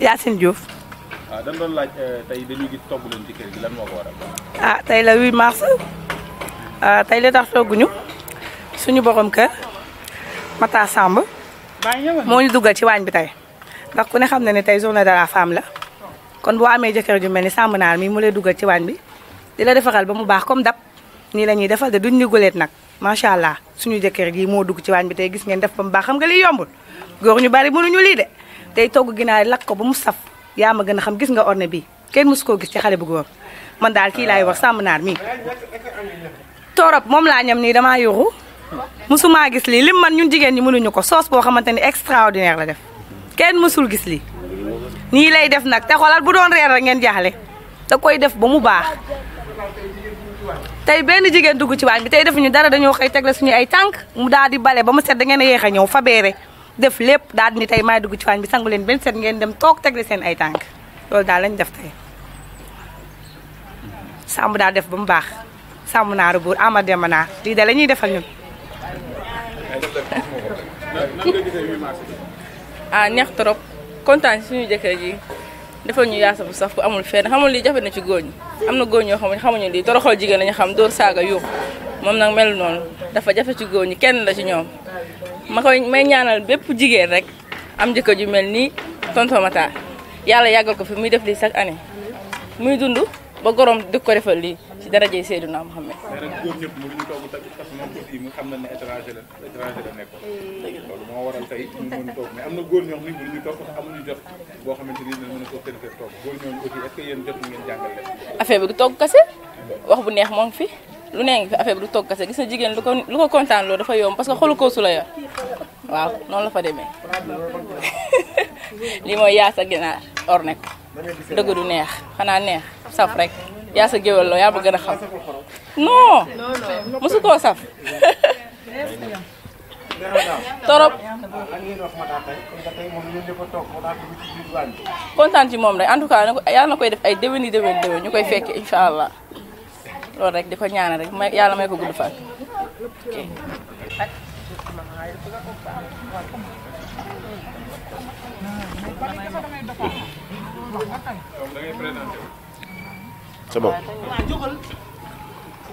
Yacine Diouf. ah dañ doon eh, ah tey la 8 mars ah tey la tax togguñu suñu borom kër Mata Samb moo ñu duggal ci waañ bi tey ndax ku ne xam ne ne tey journée de la femme la kon boo amee jëkkër ju mel ni Samb naar mii mu lay duggal ci waañ bi di la defaral ba mu baax comme dab nii la ñuy defal de duñ ñu góoleet nag macha allah suñu jëkkër gi moo dugg ci waañ bi tey gis ngeen def ba mu baax xam nga liy yombul góor ñu bari mënuñu lii de. tey togg ginaar lakk ko ba mu saf yaa ma gën a xam gis nga orne bi kenn mosu koo gis ci xale bu góor man daal kii laay wax sàmm naar mi torop moom laa ñam nii damaa yuxu maa gis lii lim man ñun jigéen ñi mënuñu ko soos boo xamante ni extraordinaire la def kenn mosul gis li nii lay def nag te xoolal bu doon reer rek ngeen jaaxle da koy def ba mu baax tey benn jigéen dugg ci waañ bi tey defuñu dara dañoo xëy tegle suñu ay tànk mu daal di bale ba mu set da ngeen yéex a ñëw fabeere def lépp daal ni tey maay dugg ci waañ bi sangu leen benn set ngeen dem toog tegle seen ay tànk loolu daal lañu def tey sàmm daal def ba mu baax sàmm naaru buur ama dema naar lii da la ñuy defal ñun ah, trop kontaan suñu jëkkër ji defal ñu yaasa bu saf bu amul fenn xamul lii jafe na ci góor am na góor ñoo xam ne xamuñu lii toroxal jigéen ñu xam dóor saaga yuux moom nag mel noonu dafa jafe ci góor ñi kenn la ci ñoom ma koy may ñaanal bépp jigéen rek am jëkkër ju mel nii tonton Matar yàlla yàggal ko fi muy def lii chaque année muy dund ba gorom di ko defal lii ci darajay Seydina Muhammad. mais nag góor ñëpp mënuñu toog tey parce que moom aussi mu xam na ne étranger la étranger la nekkoon. loolu moo waral tey ñu mën toog mais am na góor ñoo xam ne mënuñu toog parce que amuñu jot boo xamante ni dina mën a toog seen kër toog góor ñooñu aussi est-ce que yéen jot ngeen jàngale. affaire bi du togg kese wax bu neex moo ngi fi. lu nee ngi fi affaire bi du toog kase gis na jigéen lu ko lu ko kontaan loo dafa yomb parce que xolu koosu yor waaw noonu la fa demee lii mooy yaasa ginaar orne ko dëgg du neex xanaa neex saf rek yaasa géwél la yaa bëgg a xam non mosu saf torop kontaan ci moom rek en tout cas yàlla na koy def ay déwéni déwén déwén ñu koy fekke incha allah loolu rek di ko ñaanal rek may yàlla may ko gudd fan. c'est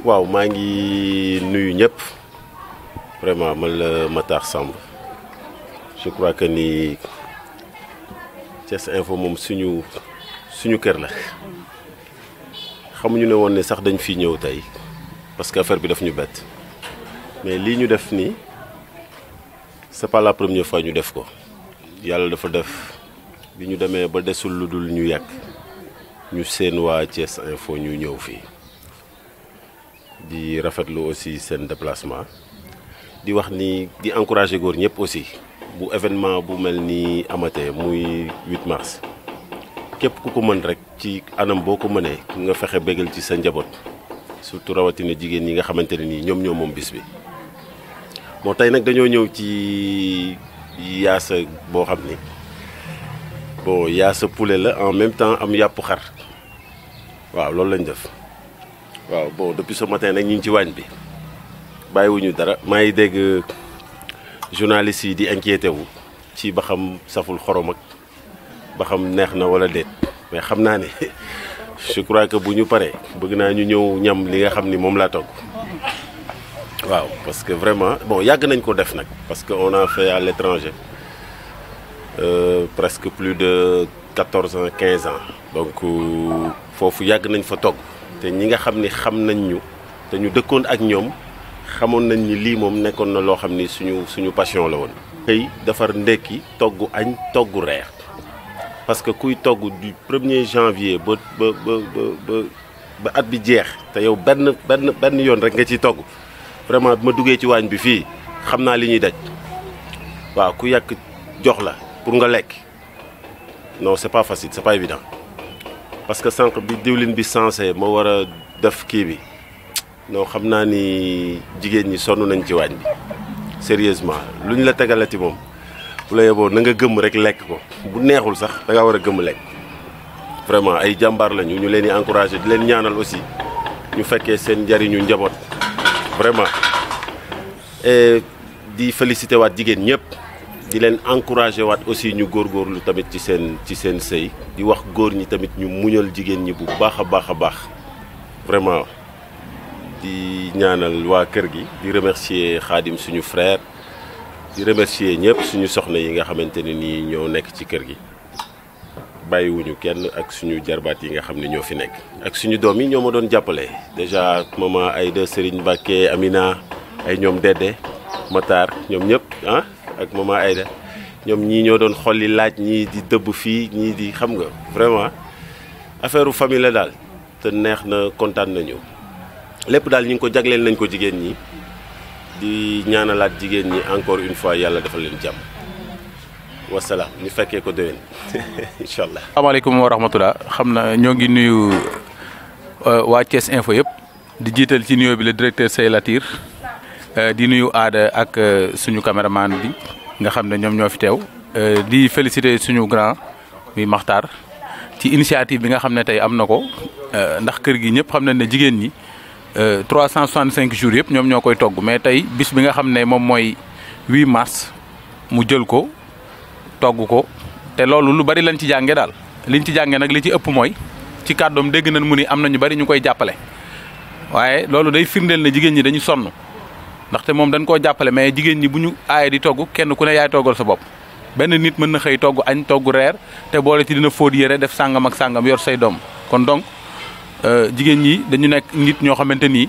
waaw maa ngi nuyu ñëpp vraiment man la Matar Samb je crois que nii Thiès Info moom suñu suñu kër la. xamuñu ne woon ne sax dañ fi ñëw tey parce que affaire bi daf ñu bett mais lii ñu def nii c'est pas la première fois ñu def ko yàlla dafa def bi ñu demee ba desul lu dul ñu yàgg ñu seen waa Thiès Info ñu ñëw fii di rafetlu aussi seen déplacement di wax ni di encourager góor ñëpp aussi bu événement bu mel ni amate muy 8 mars képp ku ko mën rek ci anam boo ko mënee nga fexe bégal ci sa njaboot surtout rawatina jigéen ñi nga xamante ne nii ñoom ñoo moom bis bi. moo tey nag dañoo ñëw ci yaasa boo xam ni bon yaasa poulet la en même temps am yàpp xar waaw loolu lañ def waaw boo depuis ce matin nag ñu ngi ci waañ bi bàyyiwuñu dara maa ngi dégg journaliste yi di inquiété ci ba xam saful xorom ba xam neex na wala déet mais xam naa ne je crois que bu ñu paree bëgg naa ñu ñëw ñam li nga xam ni moom laa togg waaw parce que vraiment bon yàgg nañ ko def nag parce que on a fe à l'étranger euh, presque plus de quatorze ans quinze ans donc euh, foofu yàgg nañ fa togg te ñi nga xam ni xam nañ ñu te ñu dëkkoon ak ñoom xamoon nañ ni lii moom nekkoon na loo xam ni suñu suñu passion la woon xëy defar ndekki togg añ togg reex parce que kuy togg du premier janvier ba ba ba ba at bi jeex te yow benn benn benn yoon rek nga ciy togg vraiment bi ma duggee ci waañ bi fii xam naa li ñuy daj waaw ku yàq jox la pour nga lekk noo c'est pas facile c'est pas évident parce que sànq bi diwlin bi sensé ma war a def kii bi non xam naa ni jigéen ñi sonn nañ ci waañ bi sérieusement ñu la tegalati moom. bu la yeboo na nga gëmm rek lekk ko bu neexul sax danga war a gëmm lekk vraiment ay jàmbaar lañu ñu leen di encouragé di leen ñaanal aussi ñu fekkee seen njariñu njaboot vraiment et di félicité waat jigéen ñëpp di leen encouragé waat aussi ñu góor góorgóorlu tamit ci seen ci seen sëy di wax góor ñi tamit ñu muñal jigéen ñi bu baax a baax a baax vraiment di ñaanal waa kër gi di remercier Khadim suñu frère di remercier ñëpp suñu soxna yi nga xamante ne nii ñoo nekk ci kër gi bàyyiwuñu kenn ak suñu jarbaat yi nga xam ne ñoo fi nekk. ak suñu doom yi ñoo ma doon jàppale déjà maman Aïda Serigne Mbacké Amina ay ñoom Dédé Matar ñoom ñëpp ah ak maman Aïda ñoom ñii ñoo doon xolli laaj ñii di dëbb fii ñii di xam nga vraiment affaire famille la daal te neex na kontaan nañu lépp daal ñu ngi ko jagleel nañ ko jigéen ñi. di ñaanalaat jigéen ñi encore une fois yàlla defal leen jàmm wasalaam ñu fekkee ko déwén incha allah. asalaamaaleykum war rahmatulah xam na ñoo ngi nuyu euh, waa info yëpp di jiital ci nuyoo bi le directeur Sey Latir euh, di nuyu aada ak euh, suñu caméraman bi nga xam ne ñoom ñoo fi teew. di féliciter suñu grand bi Maxtaar ci initiative bi nga xam ne tey am na ko ndax kër gi ñëpp xam nañ ne jigéen ñi. Euh, trois cent 365 jours yëpp ñoom ñoo koy togg mais tey bis bi nga xam ne moom mooy 8 mars mu jël ko togg ko te loolu lu bari lañ ci jànge daal liñ ci jànge nag li ci ëpp mooy ci kàddoom dégg nañ mu ni am na ñu bari ñu koy jàppale waaye loolu day firndeel ne jigéen ñi dañu sonn ndaxte moom dañ koo jàppale mais jigéen ñi bu ñu aayee di togg kenn ku ne yaay toggal sa bopp benn nit mën na xëy togg añ togg reer te boole ci dina fóot yére def sàngam ak sàngam yor say doom Euh, jigéen ñi dañu nekk nit ñoo xamante ni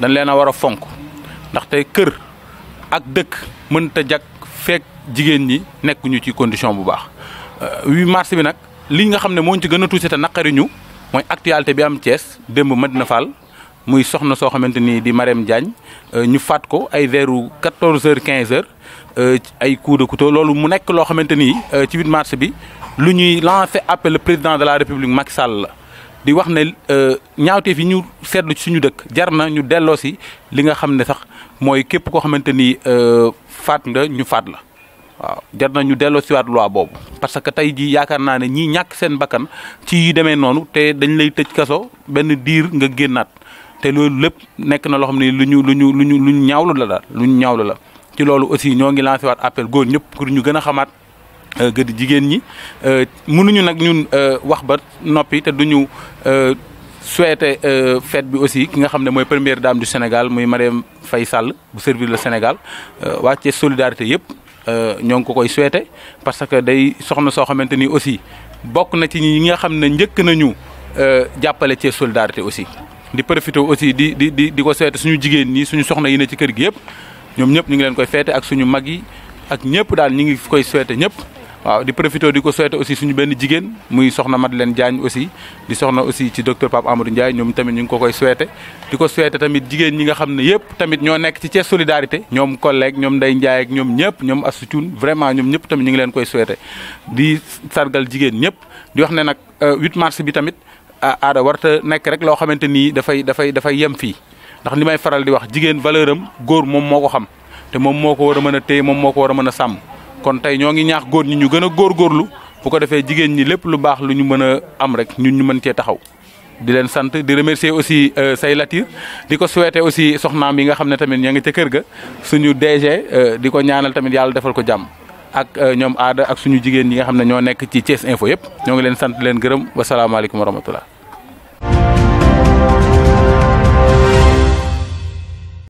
dañ leen a war a fonk ndaxte kër ak dëkk mënta jag fekk jigéen ñi nekkuñu ci condition bu baax. 8 euh, mars bi nag li nga xam ne moo ñu ci gën a tuuti te naqariñu mooy actualité bi am cees démb Medina Fall muy soxna soo xamante ni di Marème Diagne euh, ñu faat ko ay veeru 14 heures 15 heures ay coup de loolu mu nekk loo xamante ni ci 8 mars bi lu ñuy lancé appel le président de la république Macky Sall la. di wax ne euh, ñaawteef fi ñu seetlu ci suñu dëkk jar na ñu delloo si li nga xam ne sax mooy képp koo xamante ni euh, faat nga ñu faat la waaw jar na ñu delloo si waat loi boobu. parce que tey jii yaakaar naa ne ñii ñàkk seen bakkan ci yu demee noonu te dañ lay tëj kaso benn diir nga génnaat te loolu lépp nekk na loo xam ne lu ñu lu ñu lu ñu ñaawlu la daal lu ñu ñaawlu la. ci loolu aussi ñoo ngi lancé waat appel góor ñëpp pour ñu gën a xamaat. Euh, gëdd jigéen ñi euh, munuñu nag ñun euh, wax ba noppi te duñu souhaité fête bi aussi ki nga xam ne mooy première dame du Sénégal muy Marième fay sàll bu servir le Sénégal waa Thiès solidarité yëpp ñoo ngi ko koy souhaité parce que day soxna soo xamante ni aussi bokk na ci ñi nga xam ne njëkk nañu jàppale Thiès solidarité aussi di profité aussi di di di di ko souhaité suñu jigéen ñi suñu soxna yi ne ci kër gi yëpp ñoom ñëpp ñu ngi leen koy feete ak suñu mag yi ak ñëpp daal ñu ngi koy souhaité ñëpp waaw di profité di ko souhaité aussi suñu benn jigéen muy soxna leen Diagne aussi di soxna aussi ci docteur Pape Amadou Ndiaye ñoom tamit ñu ngi ko koy souhaité di ko souhaité tamit jigéen xam ne yëpp tamit ñoo nekk ci Thiès solidarité ñoom collègue ñoom Ndeye Ndiaye ak ñoom ñëpp ñoom Astou Thioune vraiment ñoom ñëpp tamit ñu ngi leen koy souhaité di sargal jigéen ñëpp di wax ne nag 8 euh, mars bi tamit aada warta nekk rek loo xamante nii dafay dafay dafay yem fii ndax ni may faral di wax jigéen valeur am góor moom moo ko xam te moom moo ko war a mën a téye moom moo ko war a mën a sàmm kon tey ñoo ngi ñaax góor ñi ñu gën a góorlu bu ko defee jigéen ñi lépp lu baax lu ñu mën a am rek ñun ñu mën cee taxaw di leen sant di remercier aussi euh, say latir di ko souhaiter aussi soxnaam yi nga xam ne tamit ña ngi ca kër ga suñu DG euh, di ko ñaanal tamit yàlla defal ko jàmm ak euh, ñoom aada ak suñu jigéen ñi nga xam ne ñoo nekk ci Thiès fo yëpp ñoo ngi leen sant leen gërëm wasalaamaaleykum wa rahmatullah